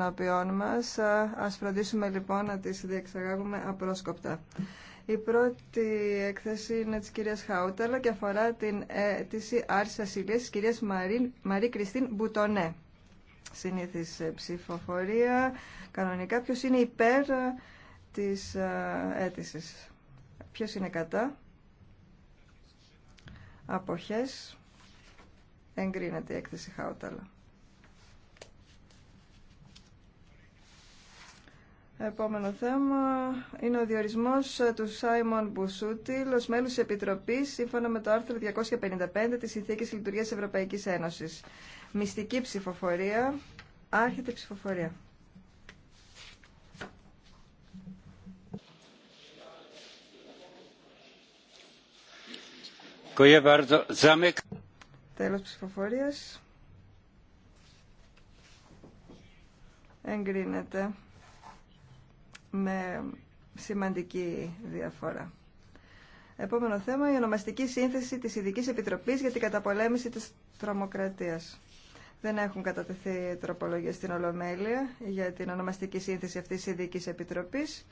Α μας. Ας φροντίσουμε λοιπόν να τις διεξαγάγουμε απρόσκοπτα. Η πρώτη έκθεση είναι της κυρίας Χαούταλα και αφορά την αίτηση άρση ασυλίας της κυρίας Μαρή, Μαρή Κριστίν Μπουτονέ. Συνήθις ψηφοφορία. Κανονικά ποιος είναι υπέρ της ε, αίτησης. Ποιος είναι κατά. Αποχές. Εγκρίνεται η έκθεση Χαούταλα. Επόμενο θέμα είναι ο διορισμός του Σάιμον Μπουσούτιλ ως μέλους της Επιτροπής σύμφωνα με το άρθρο 255 της Συνθήκης Λειτουργίας Ευρωπαϊκής Ένωσης. Μυστική ψηφοφορία. Άρχεται ψηφοφορία. Τέλος ψηφοφορίας. Εγκρίνεται με σημαντική διαφορά. Επόμενο θέμα, η ονομαστική σύνθεση της Ειδικής Επιτροπής για την καταπολέμηση της τρομοκρατίας. Δεν έχουν κατατεθεί τροπολογίες στην Ολομέλεια για την ονομαστική σύνθεση αυτής της Ειδικής Επιτροπής,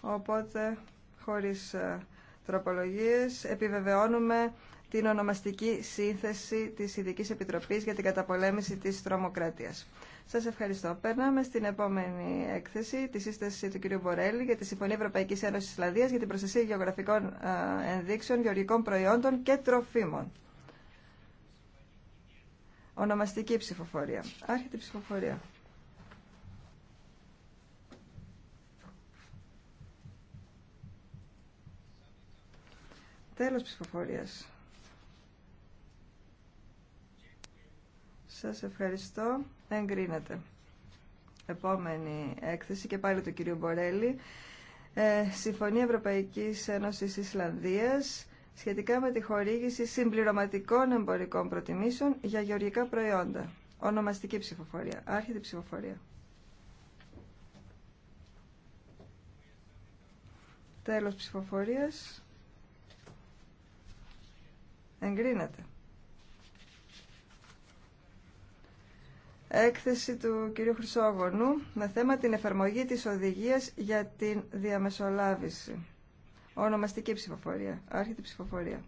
οπότε χωρίς ε, τροπολογίες επιβεβαιώνουμε την ονομαστική σύνθεση της Ειδικής Επιτροπής για την καταπολέμηση της τρομοκρατίας. Σας ευχαριστώ. Περνάμε στην επόμενη έκθεση, τη σύσταση του κ. Μπορέλη για τη Συμφωνία Ευρωπαϊκής Ένωσης Ισλανδίας για την προστασία γεωγραφικών ε, ενδείξεων, γεωργικών προϊόντων και τροφίμων. Ονομαστική ψηφοφορία. Άρχεται η ψηφοφορία. Τέλος ψηφοφορίας. Σας ευχαριστώ. Εγκρίνεται. Επόμενη έκθεση και πάλι του κυρίου Μπορέλη. Ε, Συμφωνία Ευρωπαϊκής Ένωσης Ισλανδίας σχετικά με τη χορήγηση συμπληρωματικών εμπορικών προτιμήσεων για γεωργικά προϊόντα. Ονομαστική ψηφοφορία. Άρχεται ψηφοφορία. Τέλος ψηφοφορίας. Εγκρίνεται. έκθεση του κ. Χρυσόγονου με θέμα την εφαρμογή της οδηγίας για την διαμεσολάβηση. Ονομαστική ψηφοφορία. Άρχεται ψηφοφορία.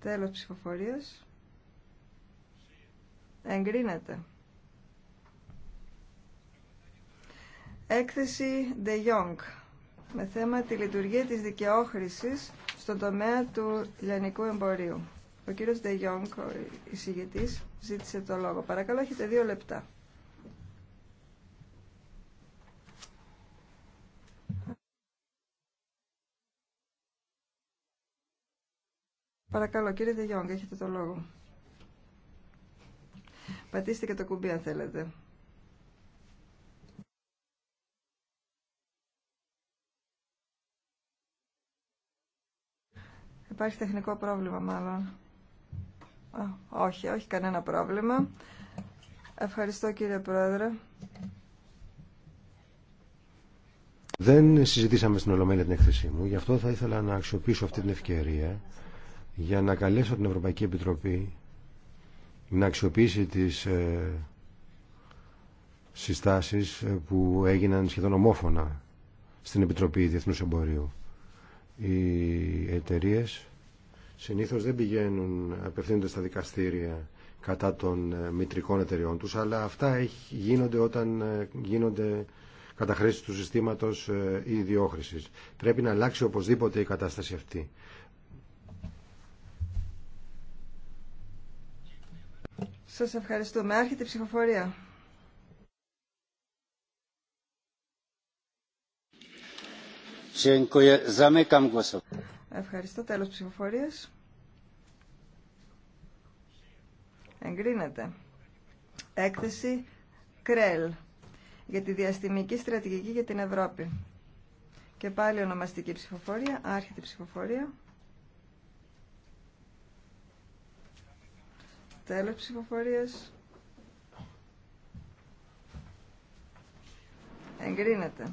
Τέλος ψηφοφορίας. Εγκρίνεται. Έκθεση De Jong με θέμα τη λειτουργία της δικαιόχρησης στον τομέα του λιανικού εμπορίου. Ο κύριος Ντε Γιόγκ, ο εισηγητής, ζήτησε το λόγο. Παρακαλώ, έχετε δύο λεπτά. Παρακαλώ, κύριε Ντε έχετε το λόγο. Πατήστε και το κουμπί αν θέλετε. Υπάρχει τεχνικό πρόβλημα μάλλον όχι, όχι κανένα πρόβλημα. Ευχαριστώ κύριε Πρόεδρε. Δεν συζητήσαμε στην Ολομέλεια την έκθεσή μου, γι' αυτό θα ήθελα να αξιοποιήσω αυτή την ευκαιρία για να καλέσω την Ευρωπαϊκή Επιτροπή να αξιοποιήσει τις ε, συστάσεις ε, που έγιναν σχεδόν ομόφωνα στην Επιτροπή Διεθνούς Εμπορίου. Οι εταιρείες συνήθως δεν πηγαίνουν, απευθύνονται στα δικαστήρια κατά των ε, μητρικών εταιριών τους, αλλά αυτά γίνονται όταν ε, γίνονται κατά χρήση του συστήματος ε, ή διόχρησης. Πρέπει να αλλάξει οπωσδήποτε η κατάσταση αυτή. Σας ευχαριστούμε. Άρχεται η ψηφοφορία. Ευχαριστώ. Τέλος ψηφοφορίας. Εγκρίνεται. Έκθεση ΚΡΕΛ για τη διαστημική στρατηγική για την Ευρώπη. Και πάλι ονομαστική ψηφοφορία, άρχιτη ψηφοφορία. Τέλος ψηφοφορίας. Εγκρίνεται.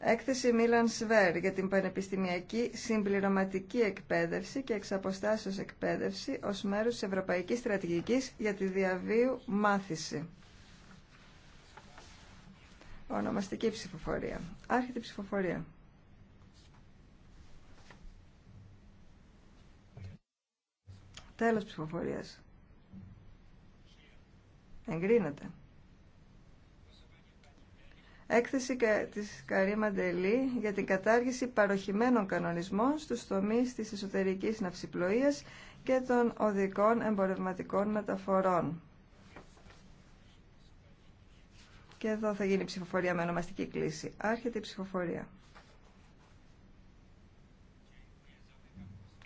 Έκθεση Μίλαν Σβέρ για την πανεπιστημιακή συμπληρωματική εκπαίδευση και εξαποστάσεως εκπαίδευση ως μέρος της Ευρωπαϊκής Στρατηγικής για τη διαβίου μάθηση. Ονομαστική ψηφοφορία. Άρχεται ψηφοφορία. Τέλος ψηφοφορίας. Εγκρίνεται. Έκθεση της Καρή Μαντελή για την κατάργηση παροχημένων κανονισμών στους τομείς της εσωτερικής ναυσιπλοείας και των οδικών εμπορευματικών μεταφορών. Και εδώ θα γίνει η ψηφοφορία με ονομαστική κλίση. Άρχεται η ψηφοφορία.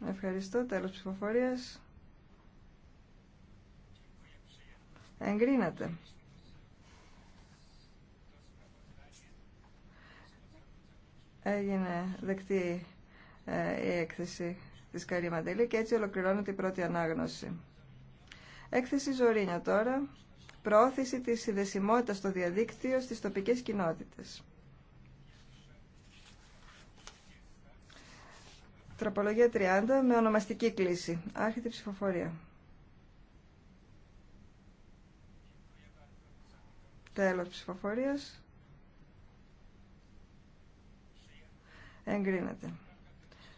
Ευχαριστώ. Τέλος ψηφοφορίας. Εγκρίνατε. Έγινε δεκτή ε, η έκθεση της Καρή και έτσι ολοκληρώνεται η πρώτη ανάγνωση. Έκθεση Ζωρίνια τώρα. Προώθηση της συνδεσιμότητας στο διαδίκτυο στις τοπικές κοινότητες. Τροπολογία 30 με ονομαστική κλίση. Άρχεται η ψηφοφορία. Τέλος ψηφοφορίας. Εγκρίνεται.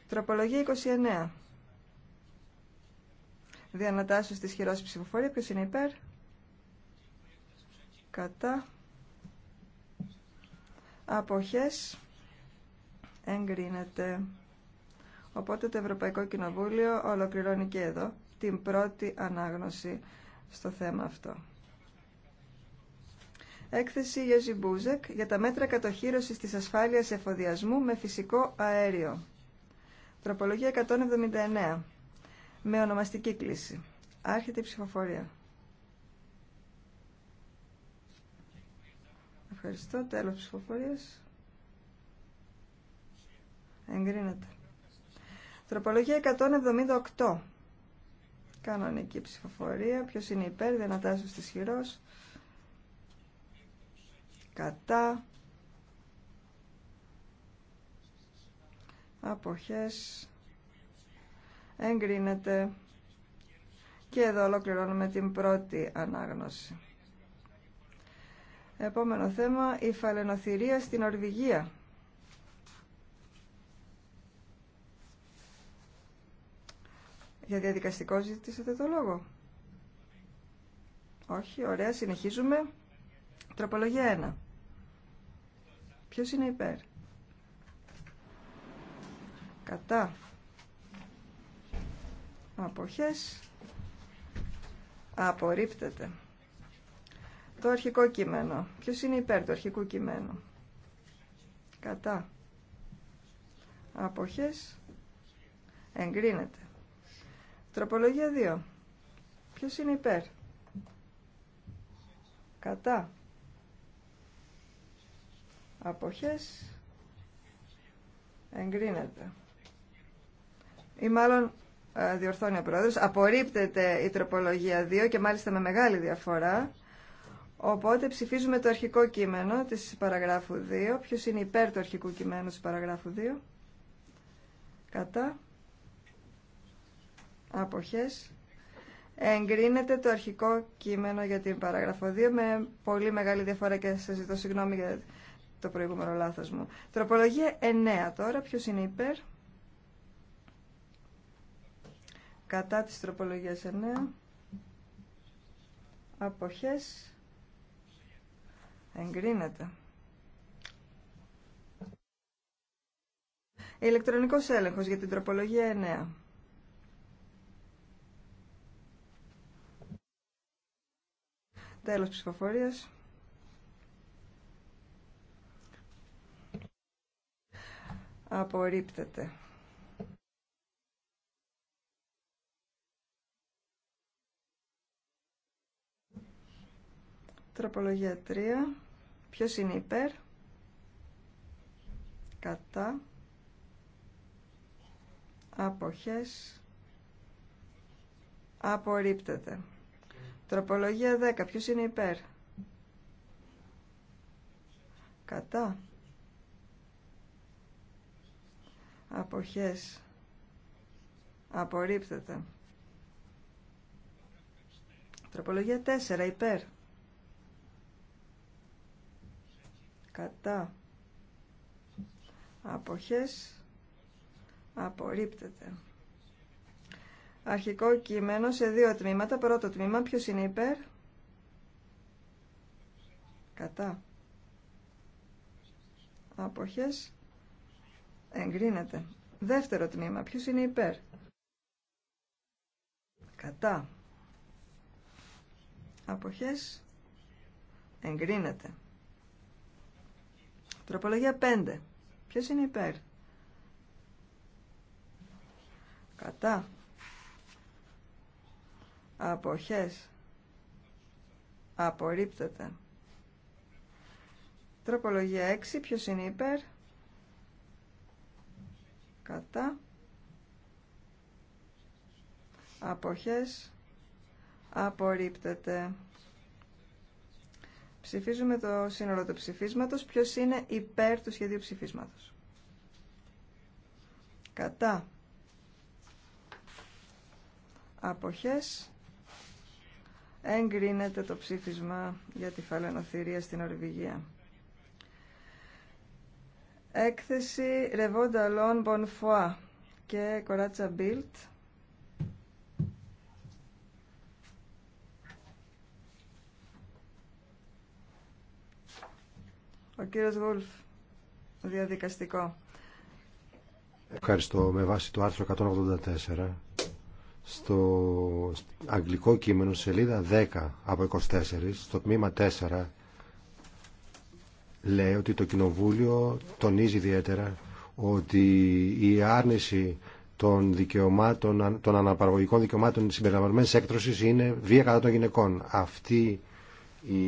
Τροπολογία 29. Διανατάσσεως της χειρός ψηφοφορία. Ποιος είναι υπέρ. Κατά. Αποχές. Εγκρίνεται. Οπότε το Ευρωπαϊκό Κοινοβούλιο ολοκληρώνει και εδώ την πρώτη ανάγνωση στο θέμα αυτό. Έκθεση για Μπούζεκ για τα μέτρα κατοχήρωσης της ασφάλειας εφοδιασμού με φυσικό αέριο. Τροπολογία 179. Με ονομαστική κλίση. Άρχεται η ψηφοφορία. Ευχαριστώ. Τέλος ψηφοφορίας. Εγκρίνεται. Τροπολογία 178. Κανονική ψηφοφορία. Ποιος είναι υπέρ, δυνατάσσος στις χειρός κατά αποχές εγκρίνεται και εδώ ολοκληρώνουμε την πρώτη ανάγνωση επόμενο θέμα η φαλαινοθυρία στην Ορβηγία για διαδικαστικό ζητήσατε το λόγο όχι ωραία συνεχίζουμε τροπολογία 1 Ποιος είναι υπέρ. Κατά. Αποχές. Απορρίπτεται. Το αρχικό κείμενο. Ποιος είναι υπέρ του αρχικού κειμένου. Κατά. Αποχές. Εγκρίνεται. Τροπολογία 2. Ποιος είναι υπέρ. Κατά αποχές εγκρίνεται ή μάλλον ε, διορθώνει ο πρόεδρος απορρίπτεται η τροπολογία 2 και μάλιστα με μεγάλη διαφορά οπότε ψηφίζουμε το αρχικό κείμενο της παραγράφου 2 ποιος είναι υπέρ του αρχικού κειμένου της παραγράφου 2 κατά αποχές εγκρίνεται το αρχικό κείμενο για την παράγραφο 2 με πολύ μεγάλη διαφορά και σας ζητώ συγγνώμη για το προηγούμενο λάθος μου. Τροπολογία 9 τώρα. Ποιος είναι υπέρ. Κατά της τροπολογίας 9. Αποχές. Εγκρίνεται. Ηλεκτρονικός έλεγχος για την τροπολογία 9. Τέλος ψηφοφορίας. απορρίπτεται. Τροπολογία 3. Ποιος είναι υπέρ. Κατά. Αποχές. Απορρίπτεται. Τροπολογία 10. Ποιος είναι υπέρ. Κατά. αποχές απορρίπτεται τροπολογία 4 υπέρ κατά αποχές απορρίπτεται αρχικό κείμενο σε δύο τμήματα πρώτο τμήμα ποιος είναι υπέρ κατά αποχές Εγκρίνεται. Δεύτερο τμήμα. Ποιος είναι υπέρ. Κατά. Αποχές. Εγκρίνεται. Τροπολογία 5. Ποιος είναι υπέρ. Κατά. Αποχές. Απορρίπτεται. Τροπολογία 6. Ποιος είναι υπέρ κατά αποχές απορρίπτεται ψηφίζουμε το σύνολο του ψηφίσματος ποιος είναι υπέρ του σχεδίου ψηφίσματος κατά αποχές εγκρίνεται το ψήφισμα για τη φαλαινοθυρία στην Ορβηγία Έκθεση Ρεβόντα Λόν και Κοράτσα Μπίλτ. Ο κύριος Γουλφ, διαδικαστικό. Ευχαριστώ. Με βάση το άρθρο 184, στο αγγλικό κείμενο, σελίδα 10 από 24, στο τμήμα 4, λέει ότι το Κοινοβούλιο τονίζει ιδιαίτερα ότι η άρνηση των, δικαιωμάτων, των αναπαραγωγικών δικαιωμάτων συμπεριλαμβανομένης έκτρωσης είναι βία κατά των γυναικών. Αυτή η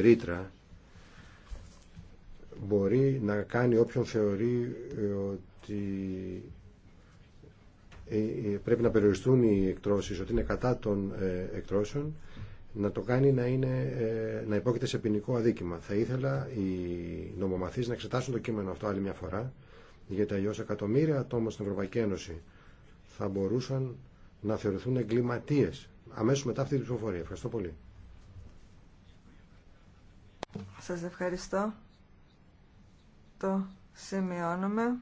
ρήτρα μπορεί να κάνει όποιον θεωρεί ότι ε, ε, πρέπει να περιοριστούν οι εκτρώσεις, ότι είναι κατά των ε, εκτρώσεων να το κάνει να, είναι, ε, να υπόκειται σε ποινικό αδίκημα. Θα ήθελα οι νομομαθείς να εξετάσουν το κείμενο αυτό άλλη μια φορά, γιατί αλλιώ εκατομμύρια ατόμων στην Ευρωπαϊκή Ένωση θα μπορούσαν να θεωρηθούν εγκληματίε αμέσω μετά αυτή την ψηφοφορία. Ευχαριστώ πολύ. Σα ευχαριστώ. Το σημειώνουμε.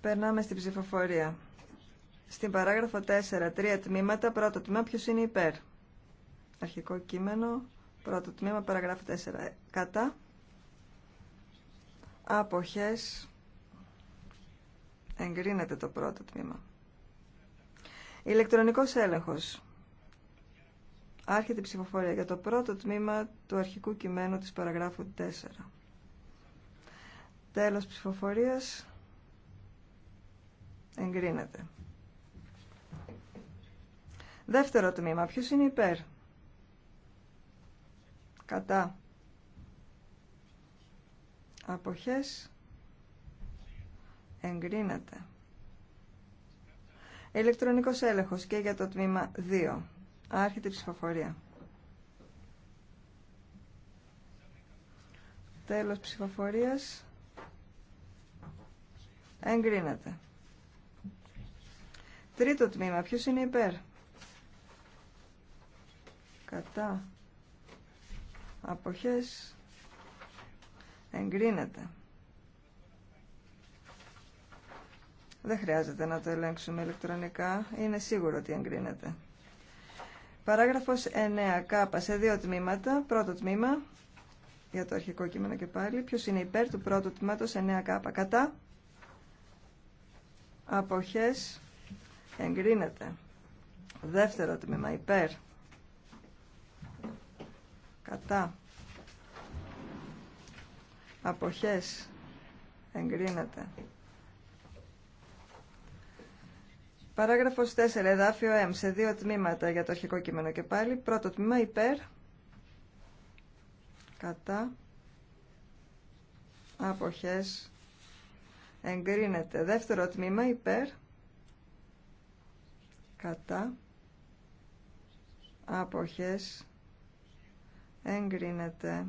Περνάμε στην ψηφοφορία. Στην παράγραφο 4, τρία τμήματα, πρώτο τμήμα, ποιο είναι υπέρ. Αρχικό κείμενο, πρώτο τμήμα, παράγραφο 4. Κατά. Αποχές. Εγκρίνεται το πρώτο τμήμα. Ηλεκτρονικός έλεγχος. Άρχεται η ψηφοφορία για το πρώτο τμήμα του αρχικού κειμένου της παραγράφου 4. Τέλος ψηφοφορίας. Εγκρίνεται. Δεύτερο τμήμα. Ποιος είναι υπέρ. Κατά. Αποχές. Εγκρίνεται. Ηλεκτρονικός έλεγχος και για το τμήμα 2. Άρχεται η ψηφοφορία. Τέλος ψηφοφορίας. Εγκρίνεται. Τρίτο τμήμα. Ποιος είναι υπέρ κατά αποχές εγκρίνεται. Δεν χρειάζεται να το ελέγξουμε ηλεκτρονικά, είναι σίγουρο ότι εγκρίνεται. Παράγραφος 9 κάπα σε δύο τμήματα. Πρώτο τμήμα, για το αρχικό κείμενο και πάλι, ποιος είναι υπέρ του πρώτου τμήματος 9 κάπα. Κατά, αποχές εγκρίνεται. Δεύτερο τμήμα, υπέρ, κατά αποχές εγκρίνεται Παράγραφος 4, εδάφιο M, σε δύο τμήματα για το αρχικό κείμενο και πάλι. Πρώτο τμήμα υπέρ, κατά, αποχές, εγκρίνεται. Δεύτερο τμήμα υπέρ, κατά, αποχές, Εγκρίνεται.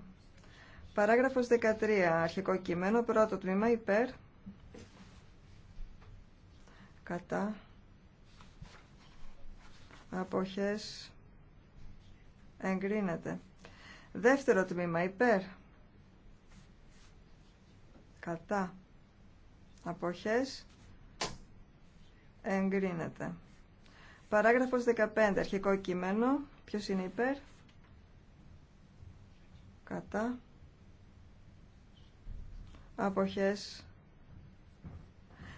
Παράγραφος 13. Αρχικό κείμενο. Πρώτο τμήμα υπέρ. Κατά. Αποχές. Εγκρίνεται. Δεύτερο τμήμα υπέρ. Κατά. Αποχές. Εγκρίνεται. Παράγραφος 15. Αρχικό κείμενο. Ποιος είναι υπέρ κατά αποχές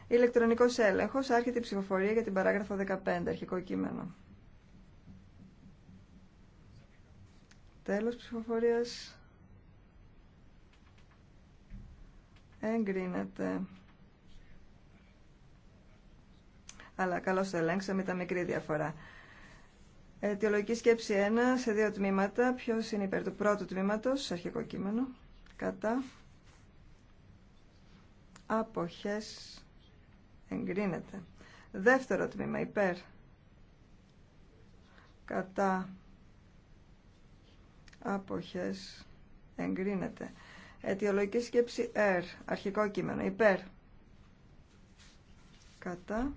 ηλεκτρονικός έλεγχος άρχεται η ψηφοφορία για την παράγραφο 15 αρχικό κείμενο τέλος ψηφοφορίας εγκρίνεται αλλά καλώς το ελέγξαμε τα μικρή διαφορά Αιτιολογική σκέψη 1 σε δύο τμήματα. Ποιο είναι υπέρ του πρώτου τμήματο, αρχικό κείμενο. Κατά. Αποχέ. Εγκρίνεται. Δεύτερο τμήμα υπέρ. Κατά. Αποχέ. Εγκρίνεται. Αιτιολογική σκέψη R. Αρχικό κείμενο. Υπέρ. Κατά.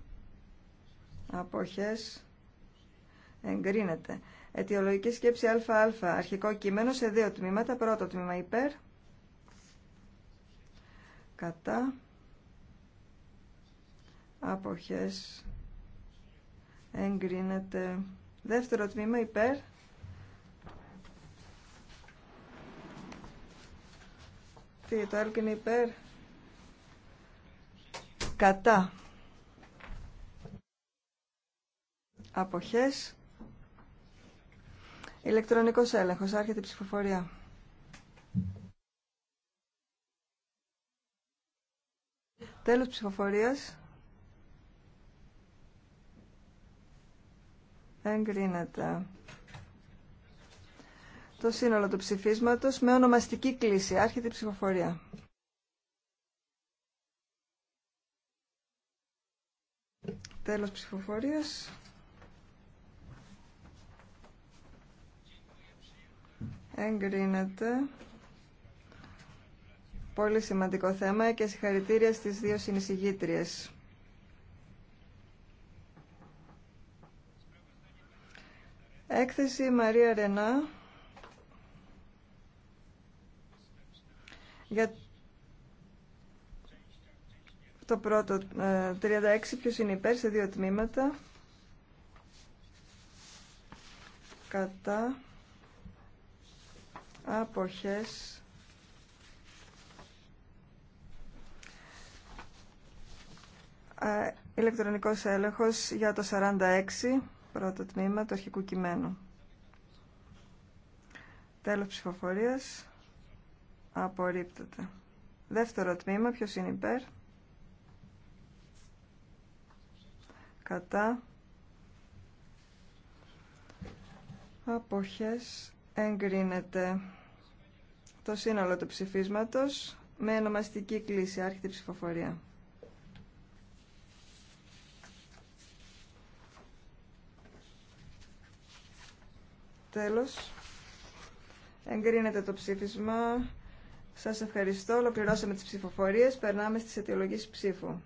Αποχές εγκρίνεται. Αιτιολογική σκέψη ΑΑ, αρχικό κείμενο σε δύο τμήματα. Πρώτο τμήμα υπέρ, κατά, αποχές, εγκρίνεται. Δεύτερο τμήμα υπέρ, τι το άλλο είναι υπέρ, κατά, αποχές, Ηλεκτρονικός έλεγχος. Άρχεται η ψηφοφορία. Τέλος ψηφοφορίας. Εγκρίνεται. Το σύνολο του ψηφίσματος με ονομαστική κλίση. Άρχεται η ψηφοφορία. Τέλος ψηφοφορίας. Εγκρίνεται. Πολύ σημαντικό θέμα και συγχαρητήρια στις δύο συνεισηγήτριες. Έκθεση Μαρία Ρενά για το πρώτο 36 ε, ποιος είναι υπέρ σε δύο τμήματα κατά αποχές Ελεκτρονικός ηλεκτρονικός έλεγχος για το 46 πρώτο τμήμα του αρχικού κειμένου τέλος ψηφοφορίας απορρίπτεται δεύτερο τμήμα ποιος είναι υπέρ κατά αποχές εγκρίνεται το σύνολο του ψηφίσματος με ονομαστική κλίση, άρχιτη ψηφοφορία. Τέλος, εγκρίνεται το ψήφισμα. Σας ευχαριστώ. Ολοκληρώσαμε τις ψηφοφορίες. Περνάμε στις αιτιολογήσεις ψήφου.